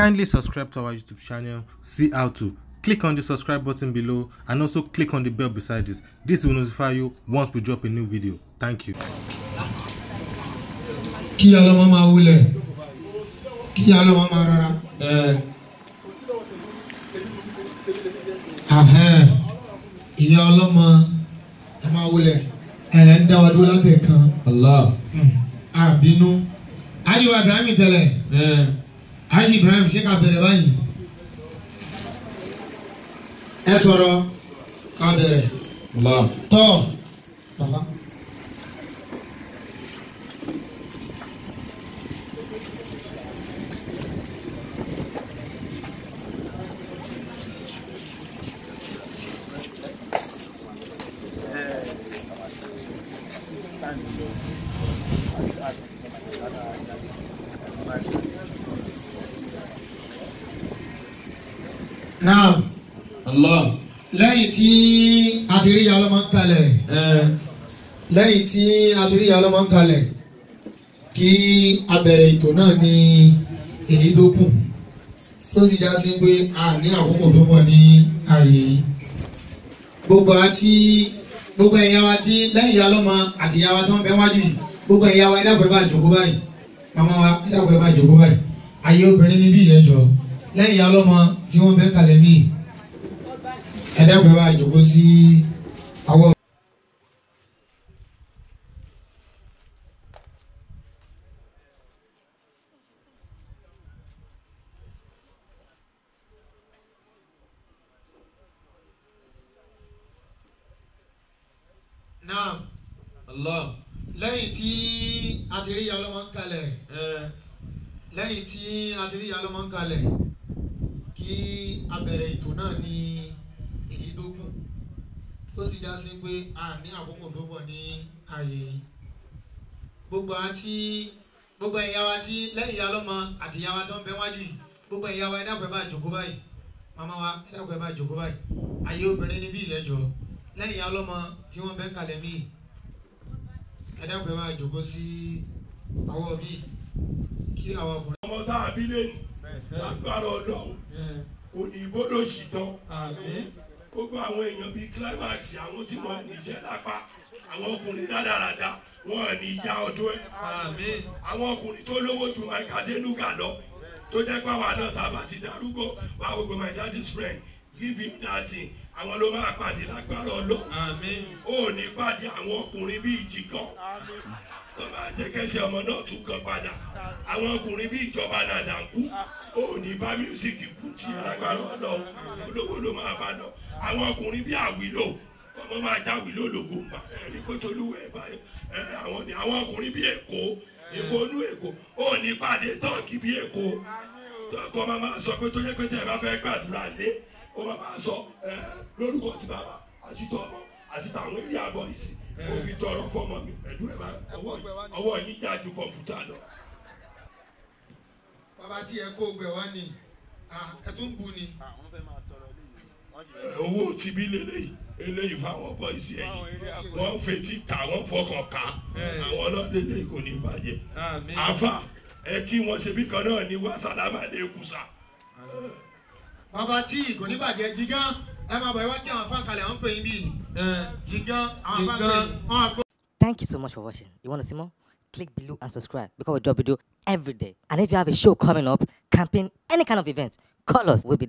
Kindly subscribe to our YouTube channel, see how to. Click on the subscribe button below and also click on the bell beside this. This will notify you once we drop a new video. Thank you. Kí ọlọ́mọ máa wulẹ̀, kí ọlọ́mọ máa rọra. Ìyá ọlọ́mọ ẹ máa wulẹ̀, ẹ̀rẹ̀ ń dá wa dúró látẹ̀ kan. Hmm. Àbínú. Ayọ̀ Ibrahim tẹ̀lẹ̀. हाश इब्राहिम से कादर है भाई ऐसा कादर है अल्लाह तो náà Allah lẹ́yìn tí a ti rí ìyá ọlọ́mọ ń kalẹ̀ lẹ́yìn tí a ti rí ìyá ọlọ́mọ ń kalẹ̀ kí a bẹ̀rẹ̀ ètò náà ní èyí tó kù tó sì já sí pé a ní àkókò tó pọ̀ ní ààyè yìí gbogbo àti gbogbo ẹ̀yà wa tí lẹ́yìn ìyá ọlọ́mọ àti ìyá wa tí wọ́n bẹ wájú yìí gbogbo ẹ̀yà wa ẹ̀dàgbẹ́ bá jòkó báyìí màmá wa ẹ̀dàgbẹ́ bá jòkó báyìí ayé obìnrin níbí yẹn jọ lẹ́yìn alọ́mọ tí wọ́n bẹ́ kalẹ̀ mí ẹ̀dẹ́gbẹ́ wa jókòó sí àwọn. naam allah lẹ́yìn tí a ti rí yalọ́mọ ń kalẹ̀ eh. lẹ́yìn tí a ti rí yalọ́mọ ń kalẹ̀ kí abẹ̀rẹ̀ ètò náà ní èyí tó kù tó sì já sí pé a ní àkókò tó pọ̀ ní ààyè yìí gbogbo àti gbogbo ẹ̀yà wa tí lẹ́yìn ìyá lọ́mọ àti ìyá wa tó ń bẹ wájú yìí gbogbo ẹ̀yà wa ẹ dákun ẹ báyìí màmá wa ẹ dákun ẹ báyìí ààyè obìnrin níbí yẹn jọ lẹ́yìn ìyá lọ́mọ tí wọ́n bẹ ń kalẹ̀ mí ẹ dákun ẹ sí ọwọ́ mi kí àwọn ọkùnrin. ọmọ tá a bí lé ní agbára òdìbò ló ṣì tán. gbogbo àwọn èèyàn bíi climax àwọn tí wọ́n níṣẹ́ lápá àwọn ọkùnrin rádaràda wọ́n ní ìyá ọdún ẹ̀. àwọn ọkùnrin tó lówó ju Mike Adenuga lọ tó jẹ́ pàwọn náà bá ti darúgbó wàá gbogbo my daddy's friend give him that thing àwọn ló máa pàdé lágbára ọlọ́run ó ní pàdé àwọn ọkùnrin bíi jìgàn tó máa jẹ́ kẹ́sẹ̀ ọmọ náà tún kan padà àwọn ọkùnrin bíi ìjọba nàdà kú ó ní bá mísíkì kú ti lágbára ọlọ́run olówó ló máa bá lọ àwọn ọkùnrin bíi àwìlò ọmọ máa jáwìí lólògbò gbà ẹ̀rí pé tolúwẹ̀ báyìí àwọn ọkùnrin bíi èkó èkó nú èkó ó ní pàdé tọ́ọ̀kì bíi èkó tọ́ọ̀kọ́ máa sọ pé tó yẹ pé tẹ̀ ó bàbá sọ ẹ lórúkọ ti bàbá àti tọmọ àti tàwọn eré àbọ̀ ìsìn ó fi tọrọ fọmọ mi ẹ̀dùn ẹ̀ bá ọwọ́ yín yá ju kọ̀ǹpútà lọ. bàbá tí ẹ kó gbẹ wá ni ẹ tún bu ni. owó tibí lélẹ́yìí eléyìí fáwọn bọ́ ìsì ẹ̀yìn wọ́n fetí ká wọ́n fọkàn ká àwọn ọlọ́dẹ lè kò ní bàjẹ́ àfa ẹ kí wọ́n ṣe bí kan náà ní wàsálàmà lè kùsà bàbá tí kò ní bàjẹ́ Jigan ẹ máa bọ̀ iwájú àwọn afáǹkalẹ̀ àwọn pèyìn bíi Jigan àwọn afáǹkalẹ̀. Thank you so much for watching. You want to see more? Click below and subscribe because we drop video every day. And if you have a show coming up, camping, any kind of event, call us. We'll be there.